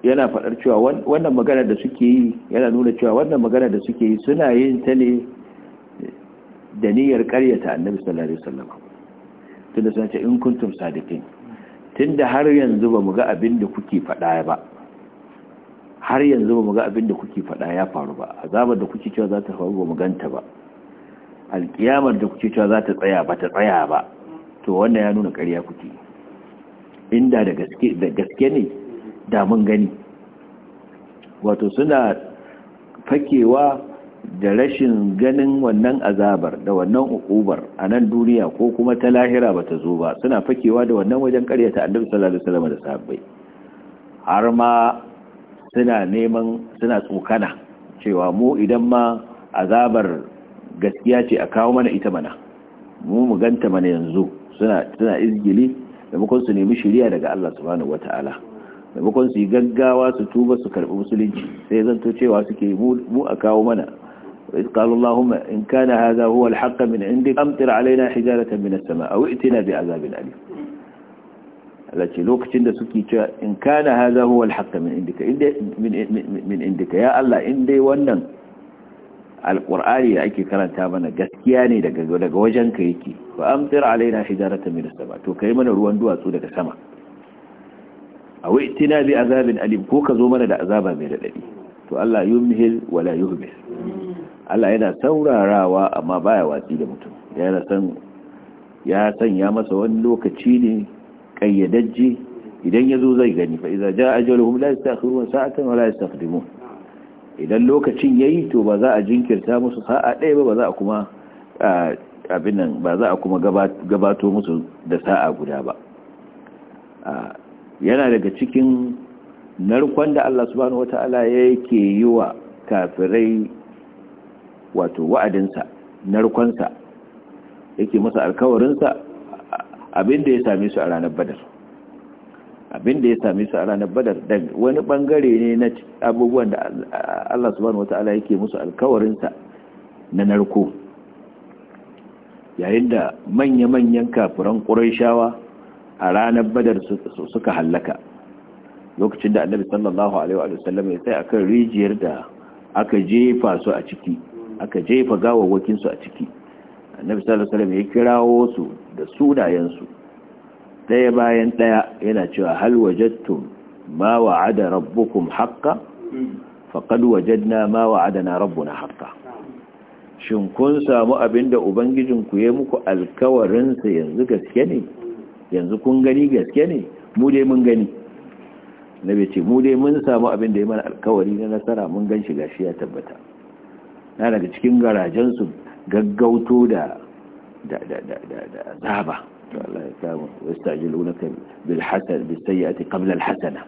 yana fadar cewa wannan magana da suke yi yana nuna cewa wannan magana da suke yi suna yin ta ne da niyyar ƙaryata annabi sallallahu alaihi wasallam tunda sun ce in kuntum sadiqin tunda har yanzu ba mu ga abin da kuke faɗa ba har yanzu ba mu ga abin da kuke faɗa ya faru ba azabar da kuke cewa za ta faru ba mu ganta ba alkiyamar da kuke cewa za ta tsaya ba ta tsaya ba to wannan ya nuna ƙarya kuke inda da gaske da gaske ne da mun gani wato suna fakewa da rashin ganin wannan azabar da wannan uƙubar a nan duniya ko kuma ta lahira ba ta zo ba suna fakewa da wannan wajen karyata annabi sallallahu alaihi wasallam da sahabbai har ma suna neman suna tsokana cewa mu idan ma azabar gaskiya ce a kawo mana ita mana mu mu ganta mana yanzu suna suna izgili da mukon su nemi shiriya daga Allah subhanahu wataala da mukon su yi gaggawa su tuba su karbi musulunci sai zanto cewa suke mu a kawo mana إذ قالوا اللهم إن كان هذا هو الحق من عندك أمطر علينا حجارة من السماء أو ائتنا بعذاب أليم Allah ce lokacin da suke cewa in kana hadha huwa al min indika min indika ya Allah in dai wannan alqur'ani da ake karanta mana gaskiya ne daga daga wajenka yake fa amtir alaina hijaratan min as-sama to kai mana ruwan duwatsu daga sama a waitina bi azabin alim ko ka zo mana da azaba mai radadi to Allah yumhil wala yuhbil Allah yana saurarawa amma baya watsi da mutum yana san ya sanya masa wani lokaci ne kayyadajje idan ya zo zai gani fa iza jaa ajaluhum la yastakhiruna sa'atan wa la yastaqdimun idan lokacin yayi to ba za a jinkirta musu sa'a ɗaya ba ba za a kuma abin nan ba za a kuma gabato musu da sa'a guda ba yana daga cikin narkon da Allah subhanahu wata'ala yake yi wa kafirai wato wa'adinsa narkonsa yake masa alkawarinsa abin da ya same su a ranar badar abin da ya same su a ranar badar dan wani bangare ne na abubuwan da Allah subhanahu wataala yake musu alkawarinsa na narko yayin da manya-manyan kafiran ƙurayshawa a ranar badar suka hallaka lokacin da annabi sallallahu alaihi wa sallam ya sai akan rijiyar da aka jefa su a ciki aka jefa gawawwakin su a ciki annabi sallallahu alaihi wasallam ya kirawo su da sunayensu daya bayan daya yana cewa hal wajadtum ma wa'ada rabbukum haqqan faqad wajadna ma wa'adana rabbuna haqqan shin kun samu abinda ubangijinku ya muku alkawarin sa yanzu gaske ne yanzu kun gani gaske ne mu dai mun gani nabi ce mu dai mun samu abinda ya mana alkawari na nasara mun gan shi gashi ya tabbata na daga cikin su. gaggauto da da da da da azaba Allah ya samu yastajilunaka bil hasan bis sayyi'ati qabla al hasana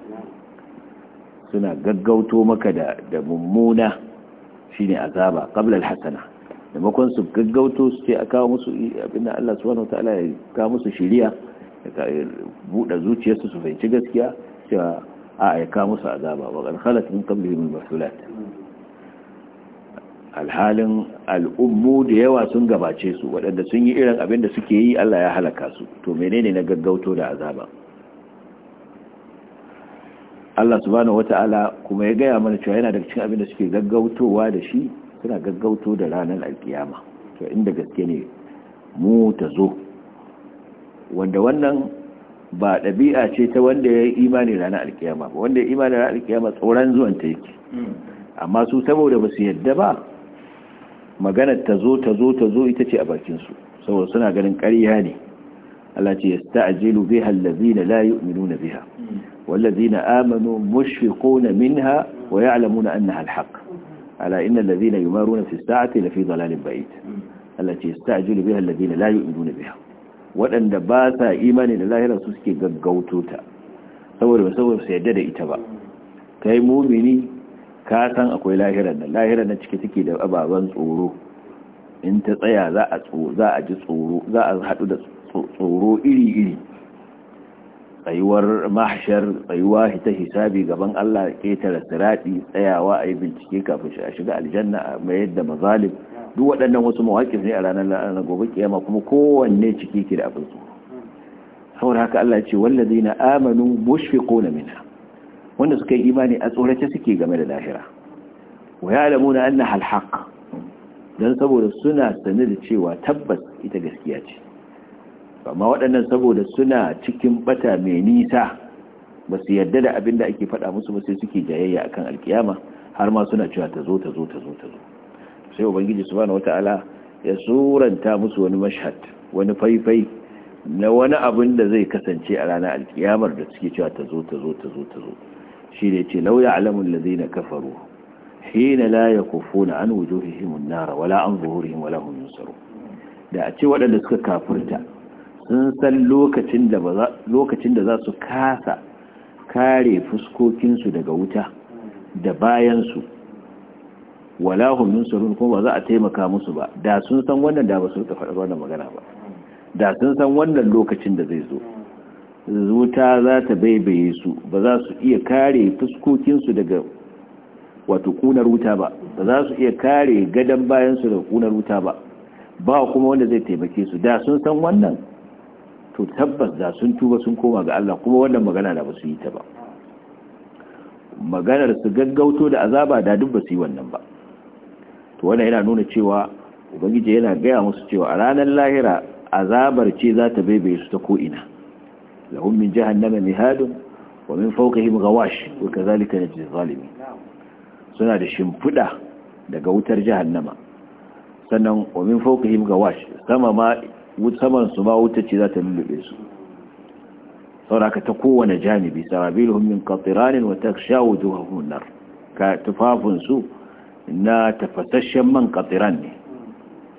suna gaggauto maka da da mummuna shine azaba qabla al hasana da makon su gaggauto su ce a kawo musu abinda Allah subhanahu wataala ya kawo musu shiriya ya buɗe zuciyarsu su fahimci gaskiya cewa a aika kawo musu azaba wa qad khalat min qablihim al masulat alhalin al'ummu da yawa sun gabace su waɗanda sun yi irin abin da suke yi Allah ya halaka su to menene na gaggauto da azaba Allah subhanahu wata'ala kuma ya gaya mana cewa yana daga cikin abin da suke gaggautowa da shi suna gaggauto da ranar alkiyama to inda gaske ne mu ta zo wanda wannan ba ɗabi'a ce ta wanda ya yi imani ranar alkiyama wanda ya imani ranar alkiyama tsoron zuwan ta yake hmm. amma su saboda ba su yadda ba maganar ta zo ta zo ta zo ita ce a bakinsu saboda suna ganin ƙarya ne Allah ce yasta'jilu biha allazina la yu'minuna biha wallazina amanu mushfiquna minha wa ya'lamuna annaha alhaq ala innal ladzina yumaruna fi sa'ati lafi dhalalin ba'id Allah ce yasta'jilu biha allazina la yu'minuna biha waɗanda ba sa imani da lahira su suke gaggauto ta saboda ba saboda su yadda da ita ba kai mumini ka san akwai lahirar nan lahirar nan cike take da ababen tsoro in ta tsaya za a za a ji tsoro za a haɗu da tsoro iri-iri tsayuwar mahshar tsayuwa ta hisabi gaban Allah ketare siraɗi tsayawa a yi bincike kafin a shiga aljanna a mayar da mazalim duk waɗannan wasu mawaƙif ne a ranar ranar gobe kiyama kuma kowanne ciki ke da abin tsoro saboda haka Allah ce wallazi na amanu mushfiquna minha wanda suka yi imani a tsorace suke game da lahira wa ya'lamuna annaha al-haqq dan saboda suna sanar da cewa tabbas ita gaskiya ce amma waɗannan saboda suna cikin bata mai nisa ba su yarda da abin da ake faɗa musu ba sai suke jayayya akan alkiyama har ma suna cewa ta zo ta zo ta zo ta zo sai ubangiji subhanahu wata'ala ya suranta musu wani mashhad wani faifai na wani abin da zai kasance a ranar alkiyamar da suke cewa ta zo ta zo ta zo ta zo shi ne ce lauya alamun lazina kafaru hina la ya kufo na an wujuhihimun nara wala an zuhurihim wala hun yunsaru da a ce waɗanda suka kafurta sun san lokacin da za su kasa kare fuskokinsu daga wuta da bayansu wala hun kuma ba za a taimaka musu ba da sun san wannan da ba su rika faɗa wannan magana ba da sun san wannan lokacin da zai zo wuta za ta baibaye su ba za su iya kare fuskokinsu daga wato kunar wuta ba ba za su iya kare gadon bayansu daga kunar wuta ba ba kuma wanda zai taimake su da sun san wannan to tabbas da sun tuba sun koma ga Allah kuma wannan magana da ba su yi ta ba maganar su gaggauto da azaba da duk ba su yi wannan ba to wannan yana nuna cewa ubangiji yana gaya musu cewa a ranar lahira azabar ce za ta baibaye su ta ko'ina lahum min jahannama mihadun wa min fawqihim ghawash wa kadhalika najzi zalimin suna da shimfiɗa daga wutar jahannama sannan wa min fawqihim ghawash sama saman su ma wuta ce za ta lullube su haka ta kowane janibi sarabiluhum min qatiranin wa taksha wujuhahum nar su na tafasasshen man qatiran ne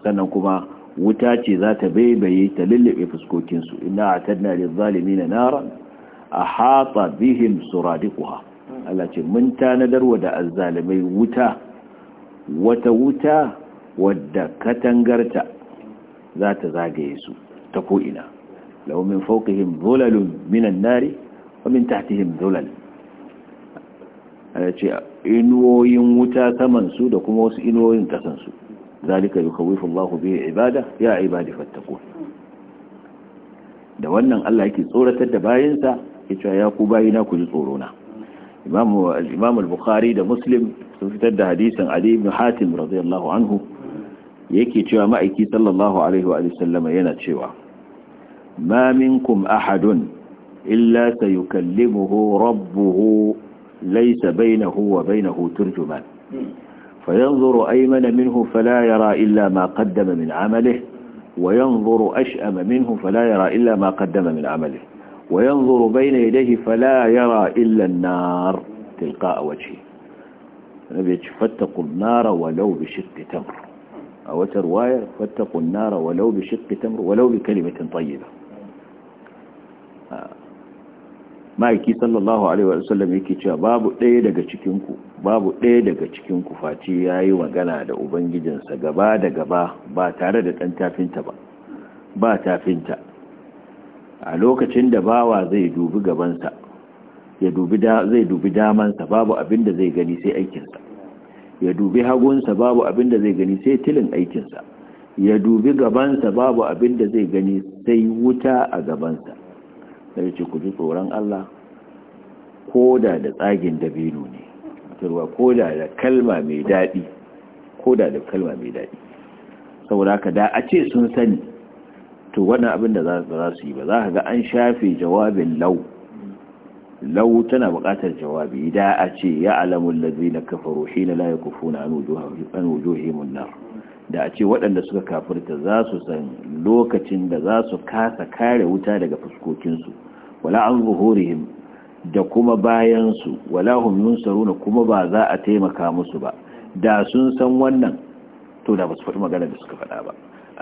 sannan kuma wuta ce za ta baibaye ta lullube fuskokinsu ina a tadna da zalimi na nara a hatsa bihim suradikuwa Allah ce mun wa da azzalimai wuta wata wuta wadda katangarta za ta zagaye su ta ko'ina lau min fauƙihim zulalun minan nari wa min tahtihim zulal Allah ce inuwoyin wuta samansu da kuma wasu inuwoyin kasansu zalika yukhawifu Allahu bihi ibada ya ibadi fattaqun da wannan Allah yake tsoratar da bayinsa yace ya ku bayina ku ji tsoro na Imam al-Imam al-Bukhari da Muslim sun fitar da hadisin Ali ibn Hatim radiyallahu anhu yake cewa ma'aiki sallallahu alaihi wa sallama yana cewa ma minkum ahadun illa sayukallimuhu rabbuhu laysa bainahu wa bainahu turjuman فينظر أيمن منه فلا يرى إلا ما قدم من عمله وينظر أشأم منه فلا يرى إلا ما قدم من عمله وينظر بين يديه فلا يرى إلا النار تلقاء وجهه النبي فاتقوا النار ولو بشق تمر أو رواية فاتقوا النار ولو بشق تمر ولو بكلمة طيبة ma'aiki sallallahu alaihi wa sallam yake cewa babu ɗaya daga cikinku babu ɗaya daga cikinku face ya yi magana da ubangijinsa gaba da gaba ba tare da ɗan tafinta ba ba tafinta a lokacin da bawa zai dubi gabansa ya dubi zai dubi damansa babu abin da zai gani sai aikinsa ya dubi hagunsa babu abin da zai gani sai tilin aikinsa ya dubi gabansa babu abin da zai gani sai wuta a gabansa sai ce ku ji tsoron Allah ko da tsagin dabino ne turwa koda da kalma mai daɗi da kalma mai daɗi saboda ka da a ce sun sani to wannan abin da za su yi ba za ka ga an shafe jawabin lau lau tana buƙatar jawabi da a ce ya alamun lazi na kafaru shi na laye kufu na an wujohi munnar da a ce waɗanda suka kafirta za su san lokacin da za su kasa kare wuta daga fuskokinsu wala an zuhurihim da kuma bayansu wala hum yunsaruna kuma ba za a taimaka musu ba da sun san wannan to da basu faɗi magana da suka faɗa ba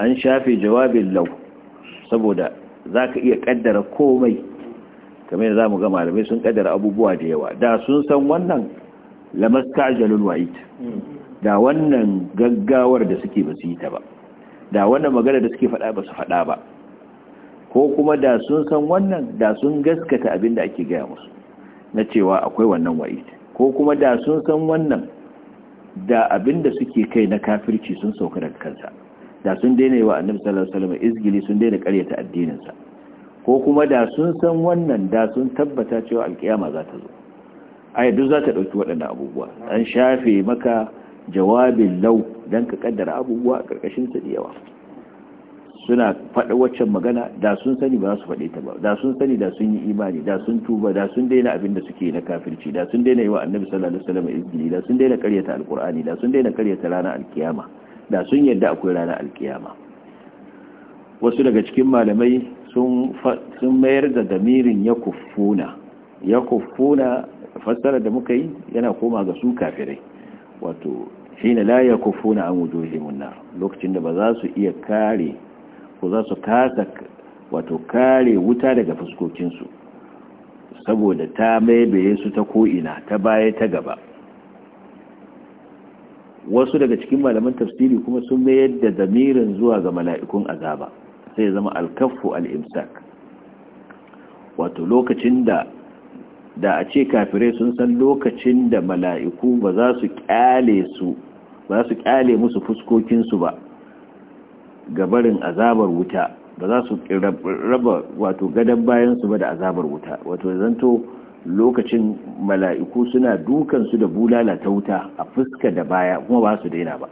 an shafe jawabin lau saboda ka iya kaddara komai kamar yadda zamu ga malamai sun kaddara abubuwa da yawa da sun san wannan lamastajalul wa'id da wannan gaggawar da suke basu yi ta ba da wannan magana da suke faɗa basu faɗa ba ko kuma da sun san wannan da sun gaskata abin da ake gaya musu na cewa akwai wannan wai ko kuma da sun san wannan da abin da suke kai na kafirci sun sauka daga kansa da sun daina yi wa annabi sallallahu alaihi wasallam izgili sun daina ƙaryata addininsa ko kuma da sun san wannan da sun tabbata cewa alkiyama za ta zo ai duk za ta dauki waɗannan abubuwa an shafe maka jawabin lau dan ka kaddara abubuwa a ƙarƙashin sa da yawa suna faɗa waccan magana da sun sani ba su faɗe ta ba da sun sani da sun yi imani da sun tuba da sun daina abin da suke na kafirci da sun daina yi wa annabi sallallahu alaihi wasallam izini da sun daina karyata alqur'ani da sun daina karyata ranar alkiyama da sun yadda akwai ranar alkiyama wasu daga cikin malamai sun sun mayar da damirin yakuffuna yakuffuna fassara da muka yi yana koma ga su kafirai wato shine la yakufuna an wujuhihim nar lokacin da ba za su iya kare ko za su kasa wato kare wuta daga fuskokinsu saboda ta maibaye su ta ko'ina ta baya ta gaba wasu daga cikin malaman tafsiri kuma sun mayar da zamirin zuwa ga mala'ikun azaba sai zama alkaffu al'imsak wato lokacin da da a ce kafirai sun san lokacin da mala'iku ba za ba za su kyale musu fuskokinsu ba ga barin azabar wuta ba za su raba wato gadon bayan su ba da azabar wuta wato zanto lokacin mala'iku suna dukansu da bulala ta wuta a fuska da baya kuma ba su daina ba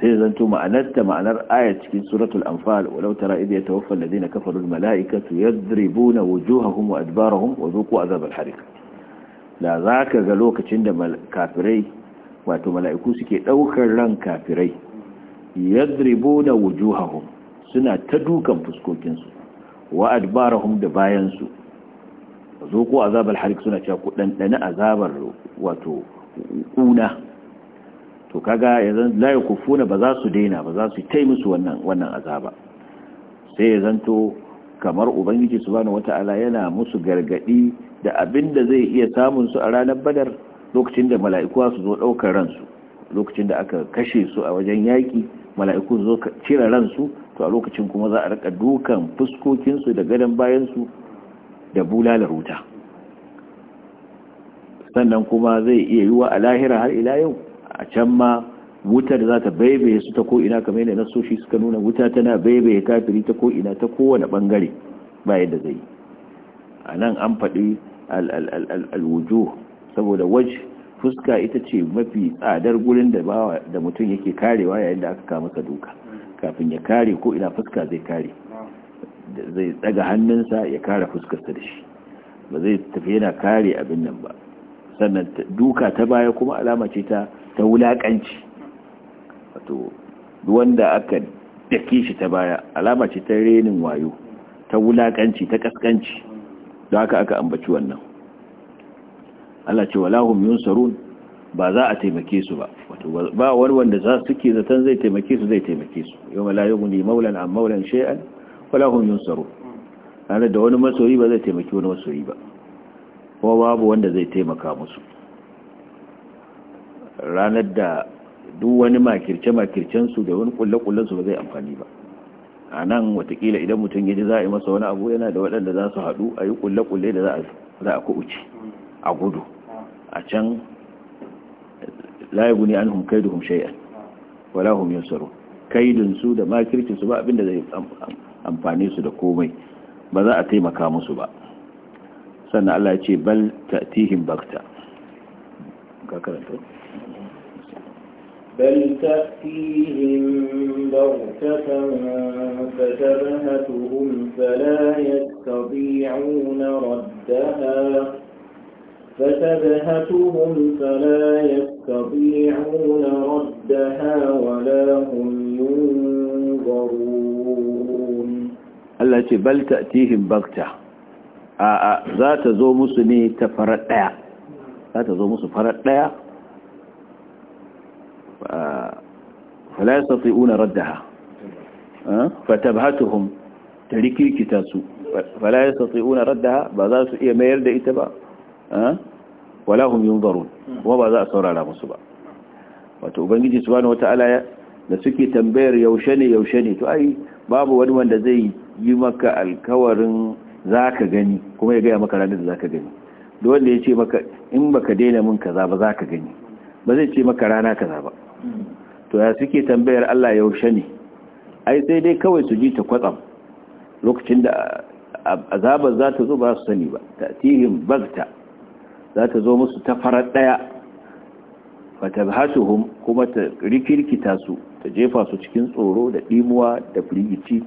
sai zanto ma'anarta ma'anar aya cikin suratul anfal walau tara idh yatawaffa alladhina kafaru mala'ikatu yadribuna wujuhahum wa adbarahum wa dhuqu azabal hariq la zaka ga lokacin da kafirai wato mala'iku suke daukar ran kafirai yadribuna wujuhahum suna ta dukan fuskokinsu wa adbarahum da bayansu zuku azabal harik suna cewa ku azabar wato kuna to kaga yanzu la yakufuna ba za su daina ba za su tai musu wannan azaba sai ya zanto kamar ubangiji subhanahu wataala yana musu gargadi da abinda zai iya samun su a ranar badar lokacin da mala'iku su zo daukar ransu lokacin da aka kashe su a wajen yaki mala'iku zo cire ransu to a lokacin kuma za a rika dukan fuskokinsu da gadon bayansu da bulalar wuta sannan kuma zai iya yiwa a lahira har ila yau a can ma wutar za ta baibaye su ta ko'ina kamar yadda nasoshi suka nuna wuta tana baibaye kafiri ta ko'ina ta kowane bangare ba yadda zai yi a nan an faɗi alwujo saboda waje fuska ita ce mafi tsadar gurin da bawa da mutum yake karewa yayin da aka ka duka kafin ya kare ko ina fuska zai kare zai daga hannunsa ya kare fuskarsa da shi ba zai tafi yana kare abin nan ba sannan duka ta baya kuma alama ce ta ta wulakanci wato wanda aka dake shi ta baya alama ce ta renin wayo ta wulakanci ta kaskanci don haka aka ambaci wannan Allah ce walahum yunsarun ba za a taimake su ba wato ba wani wanda za suke zaton zai taimake su zai taimake su yawma la yughni maulan an maulan shay'an walahum yunsarun ana da wani masoyi ba zai taimake wani masoyi ba ko babu wanda zai taimaka musu ranar da duk wani makirce su da wani kulle-kullensu ba zai amfani ba a nan watakila idan mutum yaji za a yi masa wani abu yana da waɗanda za su haɗu a yi kulle-kulle da za a kuɓuce a gudu a can la yughni anhum kaiduhum shay'an wala hum yunsaru kaidun kaidinsu da makircin ba abinda zai amfani su da komai ba za a taimaka musu ba sannan Allah ya ce bal ta'tihim bakta ka karanta بل تأتيهم بغتة فتبهتهم فلا يستطيعون ردها فتبهتهم فلا يستطيعون ردها ولا هم ينظرون الله يقول بل تأتيهم بغتة ذات زو مسلمي تفرد ذات زو مسلم فرد فلا يستطيعون ردها فتبهتهم تلكي كتاسو فلا يستطيعون ردها بذات إيمير دا إتبا wala hum yunzarun kuma ba za a saurara musu ba wato ubangiji subhanahu wataala da suke tambayar yaushe ne yaushe ne to ai babu wani wanda zai yi maka alkawarin zaka gani kuma ya gaya maka ranar da zaka gani duk wanda ya ce maka in baka daina min kaza ba zaka gani ba zai ce maka rana kaza ba to ya suke tambayar Allah yaushe ne ai sai dai kawai su ji ta kwatsam lokacin da azabar za ta zo ba su sani ba ta'tihim bagta za ta zo musu ta farar ɗaya fatabhasuhum kuma ta rikirkita su ta jefa su cikin tsoro da ɗimuwa da firgici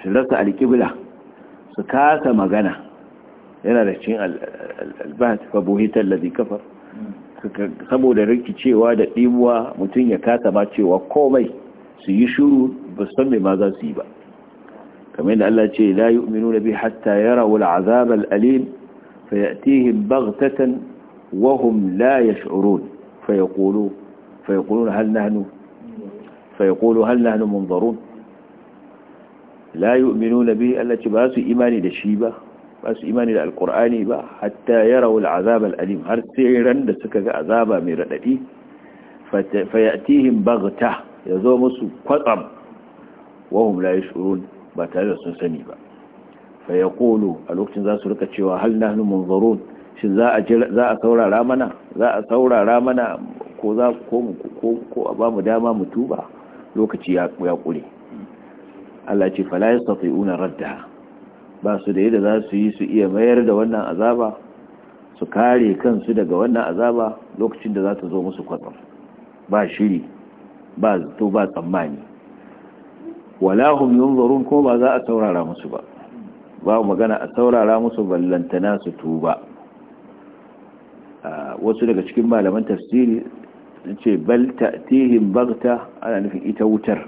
su rasa alkibla su kasa magana yana da cin albahat fabuhitar lazi kafar saboda rikicewa da ɗimuwa mutum ya kasa macewa cewa komai su yi shuru ba san mai ma za su yi ba kamar yadda Allah ce la yu'minu bi hatta yara wal azab al alim فيأتيهم بغتة وهم لا يشعرون فيقولوا فيقولون هل نحن فيقولوا هل نحن منظرون لا يؤمنون به التي باسوا إيماني لشيبة باسوا إيماني للقرآن با حتى يروا العذاب الأليم هل سيرن لسكك عذاب من ردئي فيأتيهم بغتة يزومسوا قطم وهم لا يشعرون بتاريخ سنسني با fa yaqulu a lokacin za su rika cewa hal nahnu munzarun shin za a za a saurara mana za ko a ba mu dama mu tuba lokaci ya kure Allah ce fala yastati'una radda ba su da yadda za su yi su iya mayar da wannan azaba su kare kansu daga wannan azaba lokacin da za ta zo musu kwatsam ba shiri ba zato ba tsammani wala hum yunzurun ko ba za a saurara musu ba babu magana a saurara musu ballantana su tuba wasu daga cikin malaman tafsiri ce bal ta'tihim bagta ana nufin ita wutar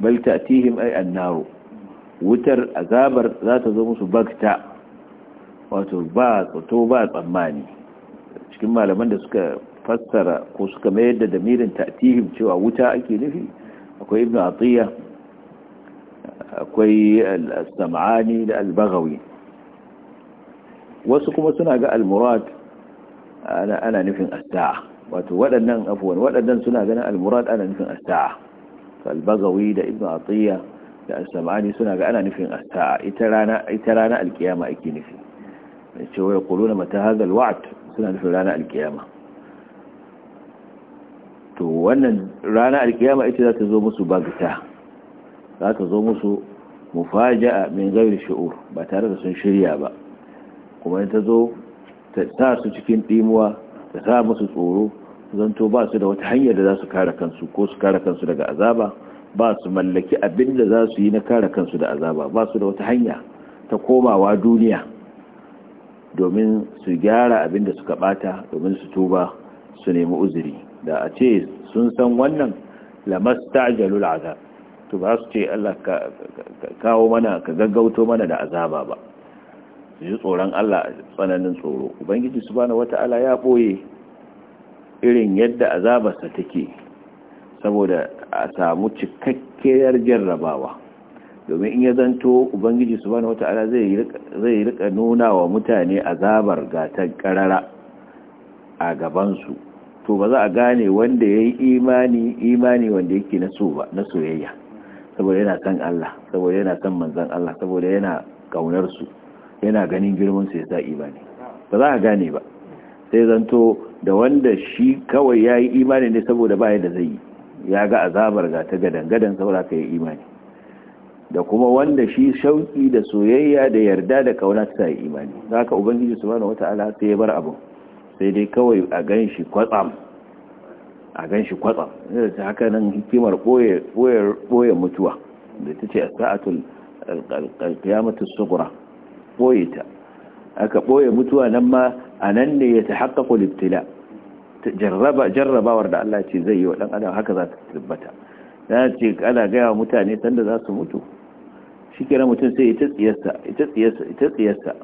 bal ta'tihim ay annaru wutar azabar za ta zo musu bagta wato ba to ba tsammani cikin malaman da suka fassara ko suka mayar da damirin ta'tihim cewa wuta ake nufi akwai ibnu atiya akwai al-sam'ani da al-baghawi wasu kuma suna ga al-murad ana nufin as-sa'a wato waɗannan afwan waɗannan suna ganin al-murad ana nufin as-sa'a al-baghawi da ibnu atiyya da al-sam'ani suna ga ana nufin as-sa'a ita rana ita rana al-qiyama ake nufi ce wai quluna mata hadha al-wa'd suna nufin rana al-qiyama to wannan rana al-qiyama ita za ta zo musu bagta za ka zo musu mufaja'a min gairi shi'ur ba tare da sun shirya ba kuma ta zo ta sa su cikin ɗimuwa ta sa musu tsoro zanto ba su da wata hanyar da za su kare kansu ko su kare kansu daga azaba ba su mallaki abin da za su yi na kare kansu da azaba ba su da wata hanya ta komawa duniya domin su gyara abin da suka bata domin su tuba su nemi uzuri da a ce sun san wannan jalul azab to ba su ce Allah ka kawo mana ka gaggauto mana da azaba ba su ji tsoron Allah tsananin tsoro ubangiji subhanahu wata'ala ya boye irin yadda azabarsa take saboda a samu cikakkiyar jarrabawa domin in ya zanto ubangiji subhanahu wata'ala zai rika nuna wa mutane azabar gatan karara a gabansu to ba za a gane wanda ya yi imani imani wanda yake na soyayya saboda yana san Allah saboda yana san manzan Allah saboda yana kaunar su yana ganin girman su sa imani ba za a gane ba sai zanto da wanda shi kawai ya yi imani ne saboda ba da zai yi ya ga azabar ga ta gadan gadan saboda ka yi imani da kuma wanda shi shauki da soyayya da yarda da kauna ta yi imani za ka ubangiji wata ala sai ya bar abu sai dai kawai a gan shi kwatsam a gan shi kwatsam ta haka nan hikimar ɓoye mutuwa da ta ce a sa'atul alƙiyamatu sugura ɓoye ta aka ɓoye mutuwa nan ma a nan ne ya ta haƙa kulibtila jarrabawar da Allah ce zai yi wa ɗan adam haka za ta tabbata na ce ana gaya wa mutane sanda za su mutu shi kira mutum sai ita tsiyarsa ita tsiyarsa ita tsiyarsa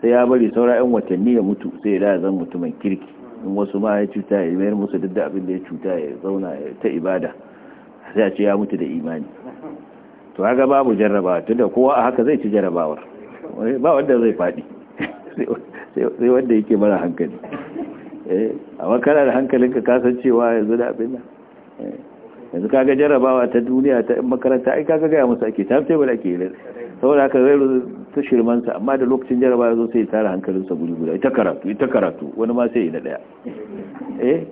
sai ya bari saura 'yan watanni ya mutu sai ya da zan mutumin kirki in wasu ma ya cuta ya mayar musu duk da abin da ya cuta ya zauna ta ibada sai a ce ya mutu da imani to haka babu jarrabawa tunda kowa a haka zai ci jarrabawar ba wanda zai faɗi sai wanda yake mara hankali eh, a makarar da hankalinka kasancewa yanzu da abin nan eh, yanzu kaga jarrabawa ta duniya ta makaranta ai kaga gaya musu ake tebur ake yi saboda haka zai ta shirmansa amma da lokacin jaraba ya zo sai ya tara hankalinsa guri guda ita karatu ita karatu wani ma sai ya daya eh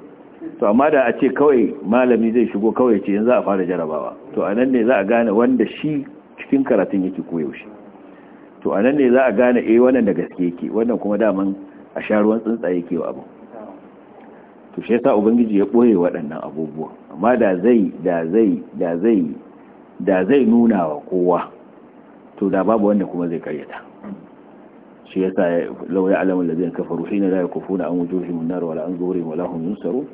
to amma da a ce kawai malami zai shigo kawai ce yanzu a fara jarabawa to anan ne za a gane wanda shi cikin karatun yake koyaushe to anan ne za a gane eh wannan da gaske yake wannan kuma daman a sha ruwan tsuntsaye yake wa abu to shi yasa ubangiji ya boye waɗannan abubuwa amma da zai da zai da zai da zai nuna wa kowa to da babu wanda kuma zai karyata shi yasa law ya'lamu allazina kafaru hina la yakufuna an wujuhihim an-nar wala an zuhurihim wala hum yunsarun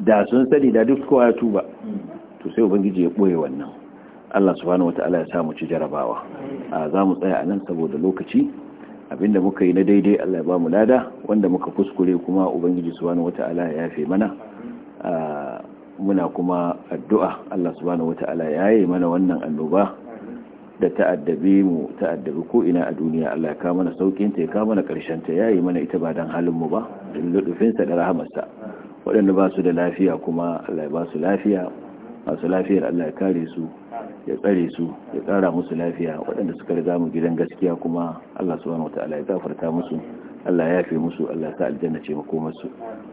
da sun sani da duk kowa ya tuba to sai ubangiji ya boye wannan Allah subhanahu wataala ya sa mu ci jarabawa za mu tsaya a nan saboda lokaci abinda muka yi na daidai Allah ya ba mu lada wanda muka kuskure kuma ubangiji subhanahu wataala ya yafe mana muna kuma addu'a Allah subhanahu wataala ya yi mana wannan annoba da ta'addabe mu ta'addabi ko ina a duniya Allah ya ka mana saukin ta ya ka mana karshen ta yayi mana ita ba dan halin mu ba dan ludufin sa da rahamarsa waɗanda ba su da lafiya kuma Allah ya ba su lafiya lafiyar Allah ya kare su ya tsare su ya tsara musu lafiya waɗanda suka riga mu gidan gaskiya kuma Allah subhanahu wataala ya gafarta musu Allah ya yafe musu Allah ya sa aljanna ce makomarsu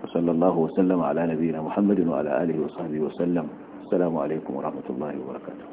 sallallahu wa sallama ala nabiyina Muhammadin wa ala alihi wa sahbihi wa sallam assalamu alaikum wa rahmatullahi wa barakatuh